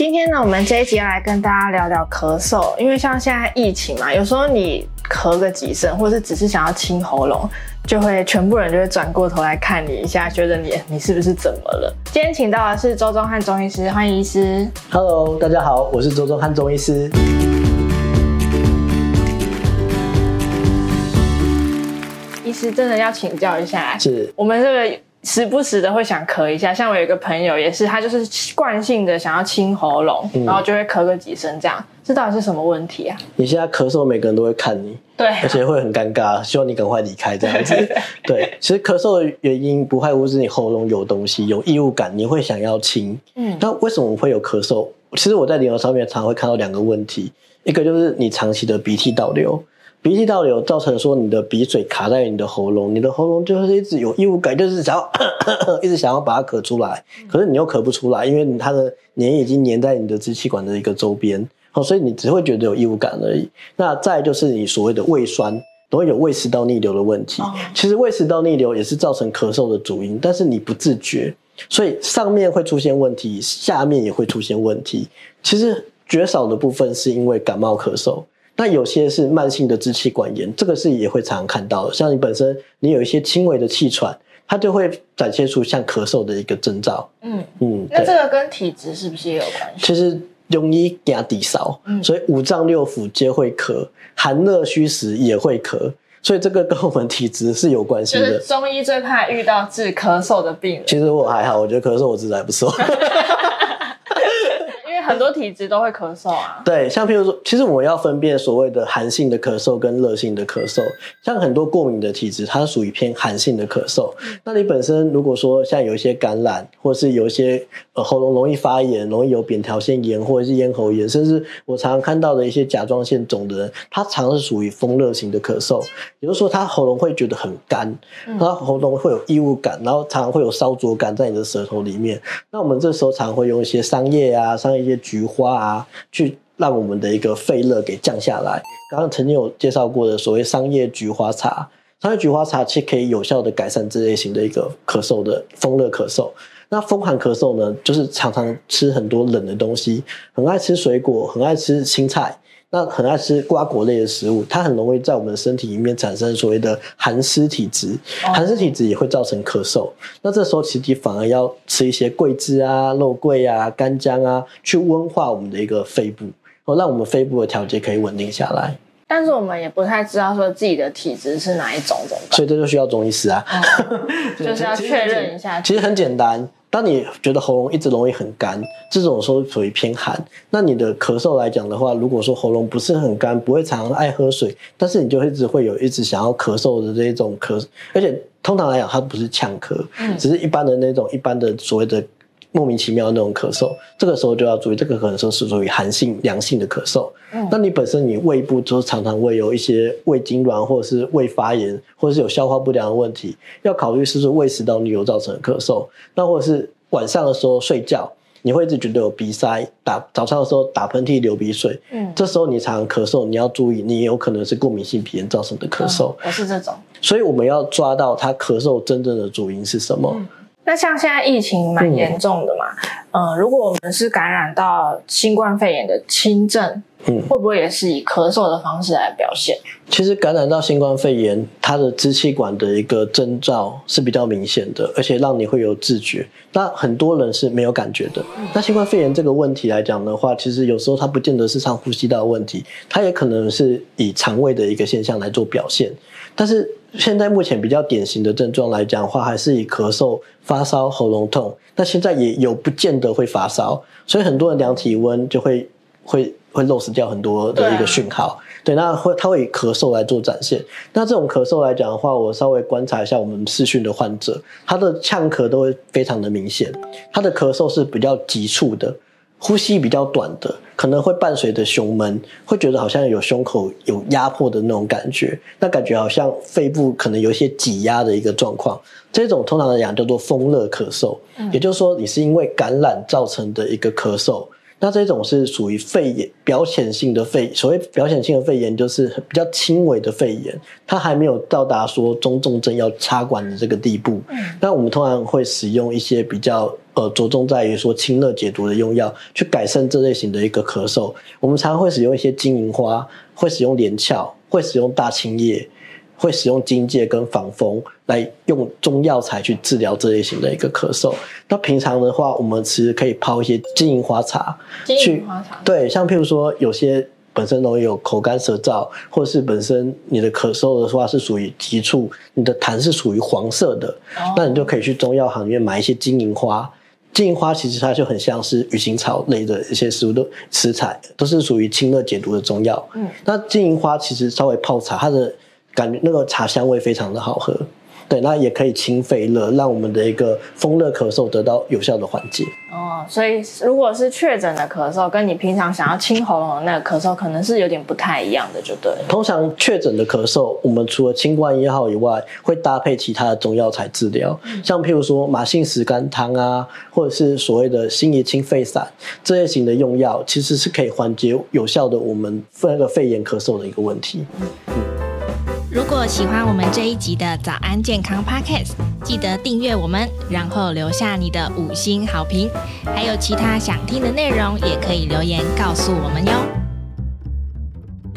今天呢，我們這一集要來跟大家聊聊咳嗽，因為像現在疫情嘛，有時候你咳個幾聲，或者只是想要清喉嚨，就會全部人就會轉過頭來看你一下，覺得你，你是不是怎麼了？今天請到的是周宗翰中醫師，歡迎醫師。Hello，大家好，我是周宗翰中醫師。醫師真的要請教一下，是，我們這個。時不時的會想咳一下，像我有一個朋友也是，他就是慣性的想要清喉嚨，然後就會咳個幾聲這樣。嗯、這到底是什麼問題啊？你現在咳嗽，每個人都會看你，對、啊，而且會很尷尬，希望你趕快離開這樣子。對，對，對，對，其實咳嗽的原因不外乎是你喉嚨有東西，有異物感，你會想要清。嗯，那為什麼會有咳嗽？其實我在臨床上面常常會看到兩個問題，一個就是你長期的鼻涕倒流。鼻涕倒流造成說，你的鼻水卡在你的喉嚨，你的喉嚨就是一直有異物感，就是想要咳咳咳，一直想要把它咳出來，可是你又咳不出來，因為它的黏液已經黏在你的支氣管的一個周邊，所以你只會覺得有異物感而已。那再就是你所謂的胃酸，都會有胃食道逆流的問題。哦、其實胃食道逆流也是造成咳嗽的主因，但是你不自覺，所以上面會出現問題，下面也會出現問題。其實絕少的部分是因為感冒咳嗽。那有些是慢性的支氣管炎，這個是也會常常看到的。像你本身你有一些輕微的氣喘，它就會展現出像咳嗽的一個徵兆。嗯嗯，嗯，那這個跟體質是不是也有關係？嗯、其實中醫講“抵燒、嗯”，所以五臟六腑皆會咳，寒熱虛實也會咳，所以這個跟我們體質是有關係的。是中醫最怕遇到治咳嗽的病人。其實我還好，我覺得咳嗽我自己還不錯。 很多體質都會咳嗽啊，對，像譬如說，其實我們要分辨所謂的寒性的咳嗽跟熱性的咳嗽。像很多過敏的體質，它屬於偏寒性的咳嗽。嗯、那你本身如果說像有一些感染，或是有一些呃喉嚨容易發炎，容易有扁桃腺炎或者是咽喉炎，甚至我常常看到的一些甲狀腺腫的人，他常是屬於風熱型的咳嗽。比如說，他喉嚨會覺得很乾，他喉嚨會有異物感，然後常常會有燒灼感在你的舌頭裡面。那我們這時候常會用一些桑葉啊、桑葉葉。菊花啊，去讓我們的一個肺熱給降下來。剛剛曾經有介紹過的所謂桑葉菊花茶，桑葉菊花茶其實可以有效的改善這類型的一個咳嗽的風熱咳嗽。那風寒咳嗽呢，就是常常吃很多冷的東西，很愛吃水果，很愛吃青菜。那很愛吃瓜果類的食物，它很容易在我們的身體裡面產生所謂的寒濕體質，oh. 寒濕體質也會造成咳嗽。那這時候，其實你反而要吃一些桂枝啊、肉桂啊、乾薑啊，去溫化我們的一個肺部，哦，讓我們肺部的調節可以穩定下來。但是我們也不太知道說自己的體質是哪一種，怎麼辦？所以這就需要中醫師啊，oh. 就是要確認一下。其實很簡單。當你覺得喉嚨一直容易很乾，這種時候屬於偏寒。那你的咳嗽來講的話，如果說喉嚨不是很乾，不會常常愛喝水，但是你就一直會有一直想要咳嗽的這種咳，而且通常來講它不是嗆咳，嗯，只是一般的那種一般的所謂的。莫名其妙的那種咳嗽，這個時候就要注意，這個可能說是屬於寒性、涼性的咳嗽。嗯，那你本身你胃部就是常常會有一些胃痙攣，或者是胃發炎，或者是有消化不良的問題，要考慮是不是胃食道逆流造成的咳嗽。那或者是晚上的時候睡覺你會一直覺得有鼻塞，打早上的時候打噴嚏、流鼻水。嗯，這時候你常常咳嗽，你要注意，你有可能是過敏性鼻炎造成的咳嗽。嗯、是這種。所以我們要抓到它咳嗽真正的主因是什麼。嗯那像現在疫情蠻嚴重的嘛，嗯、呃，如果我們是感染到新冠肺炎的輕症，嗯，會不會也是以咳嗽的方式來表現？其實感染到新冠肺炎，它的支氣管的一個徵兆是比較明顯的，而且讓你會有自覺。那很多人是沒有感覺的。嗯、那新冠肺炎這個問題來講的話，其實有時候它不見得是上呼吸道問題，它也可能是以腸胃的一個現象來做表現，但是。現在目前比較典型的症狀來講的話，還是以咳嗽、發燒、喉嚨痛。那現在也有不見得會發燒，所以很多人量體溫就會會會漏失掉很多的一個訊號。對、對，那會他會以咳嗽來做展現。那這種咳嗽來講的話，我稍微觀察一下我們視訊的患者，他的嗆咳都會非常的明顯，他的咳嗽是比較急促的，呼吸比較短的，可能會伴隨着胸悶，會覺得好像有胸口有壓迫的那種感覺，那感覺好像肺部可能有一些擠壓的一個狀況。這種通常來講叫做風熱咳嗽，也就是說你是因為感染造成的一個咳嗽。那這種是屬於肺炎表顯性的肺，所謂表顯性的肺炎，就是比較輕微的肺炎，它還沒有到達說中重症要插管的這個地步。那、嗯、我們通常會使用一些比較呃着重在於說清熱解毒的用藥，去改善這類型的一個咳嗽。我們常常會使用一些金銀花，會使用連翹，會使用大青葉。會使用荊芥跟防風來用中藥材去治療這類型的一個咳嗽。那平常的話，我們其實可以泡一些金銀花茶。金銀花茶。對，像譬如說，有些本身容易有口乾舌燥，或者是本身你的咳嗽的話是屬於急促，你的痰是屬於黃色的，哦、那你就可以去中藥行裡面買一些金銀花。金銀花其實它就很像是魚腥草類的一些食物的食材，都是屬於清熱解毒的中藥。嗯，那金銀花其實稍微泡茶，它的。感覺那個茶香味非常的好喝，對，那也可以清肺熱，讓我們的一個風熱咳嗽得到有效的緩解。哦，所以如果是確診的咳嗽，跟你平常想要清喉嚨的那個咳嗽，可能是有點不太一樣的，就對。通常確診的咳嗽，我們除了清冠一號以外，會搭配其他的中藥材治療，嗯、像譬如說麻杏石甘湯啊，或者是所謂的辛夷清肺散，這類型的用藥其實是可以緩解有效的我們那個肺炎咳嗽的一個問題。嗯。如果喜歡我們這一集的早安健康 Podcast，記得訂閱我們，然後留下你的五星好評。還有其他想聽的內容，也可以留言告訴我們喲。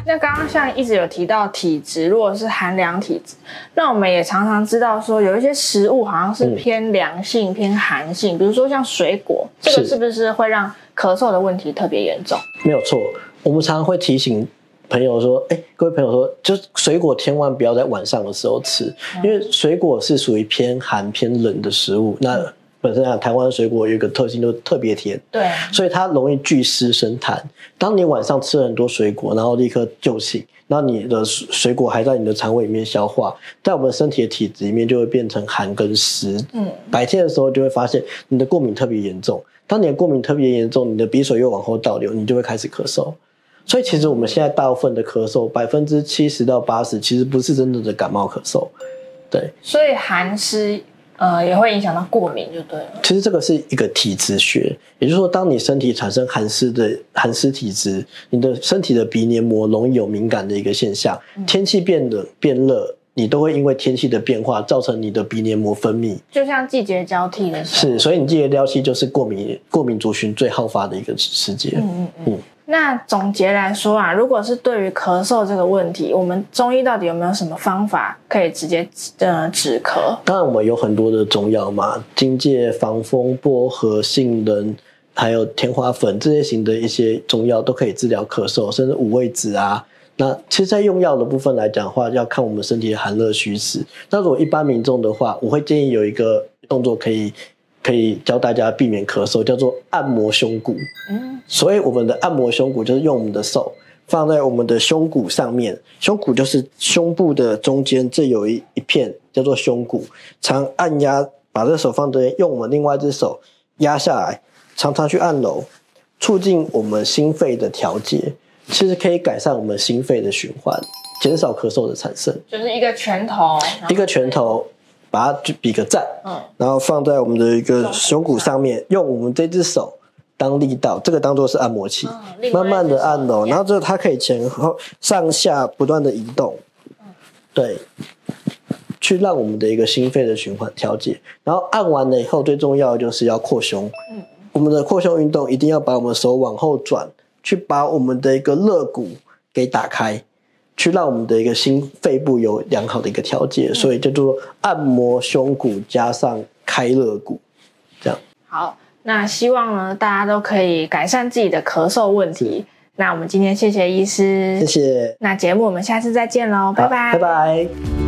那剛剛像一直有提到體質，如果是寒涼體質，那我們也常常知道說，有一些食物好像是偏涼性、嗯、偏寒性，比如說像水果，是這個是不是會讓咳嗽的問題特別嚴重？沒有錯，我們常常會提醒。朋友說：“哎、欸，各位朋友說，就水果千萬不要在晚上的時候吃，嗯、因為水果是屬於偏寒偏冷的食物。那本身啊，台灣水果有一個特性，就是特別甜，對，所以它容易聚濕生痰。當你晚上吃了很多水果，然後立刻就寢，然後你的水果還在你的腸胃裡面消化，在我們身體的體質裡面就會變成寒跟濕。嗯，白天的時候就會發現你的過敏特別嚴重。當你的過敏特別嚴重，你的鼻水又往後倒流，你就會開始咳嗽。”所以其實我們現在大部分的咳嗽，百分之七十到八十其實不是真正的感冒咳嗽，對。所以寒濕呃也會影響到過敏，就對了。其實這個是一個體質學，也就是說，當你身體產生寒濕的寒濕體質，你的身體的鼻黏膜，容易有敏感的一個現象。天氣變冷變熱，你都會因為天氣的變化造成你的鼻黏膜分泌，就像季節交替的時候。是，所以你季節交替就是過敏、過敏族群最好發的一個時節。嗯嗯嗯。嗯那總結來說啊，如果是對於咳嗽這個問題，我們中醫到底有沒有什麼方法可以直接呃止咳？當然，我們有很多的中藥嘛，荊芥、防風、薄荷、杏仁，還有天花粉這些型的一些中藥都可以治療咳嗽，甚至五味子啊。那其實，在用藥的部分來講的話，要看我們身體的寒熱虛實。那如果一般民眾的話，我會建議有一個動作可以。可以教大家避免咳嗽，叫做按摩胸骨。嗯，所以我們的按摩胸骨就是用我們的手放在我們的胸骨上面，胸骨就是胸部的中間，這有一一片叫做胸骨，常按壓，把這手放在，用我們另外一隻手壓下來，常常去按揉，促進我們心肺的調節，其實可以改善我們心肺的循環，減少咳嗽的產生。就是一個拳頭，一個拳頭，把它去比個讚，然後放在我們的一個胸骨上面，用我們這隻手當力道，這個當做是按摩器，慢慢的按哦，然後之後它可以前後、上下不斷的移動，對，去讓我們的一個心肺的循環調節。然後按完了以後，最重要的就是要擴胸，嗯、我們的擴胸運動一定要把我們手往後轉，去把我們的一個肋骨給打開。去讓我們的一個心肺部有良好的一個調節，嗯、所以叫做按摩胸骨加上開肋骨，這樣。好，那希望呢，大家都可以改善自己的咳嗽問題。是那我們今天謝謝醫師，謝謝。那節目我們下次再見嘍，好拜拜，拜拜。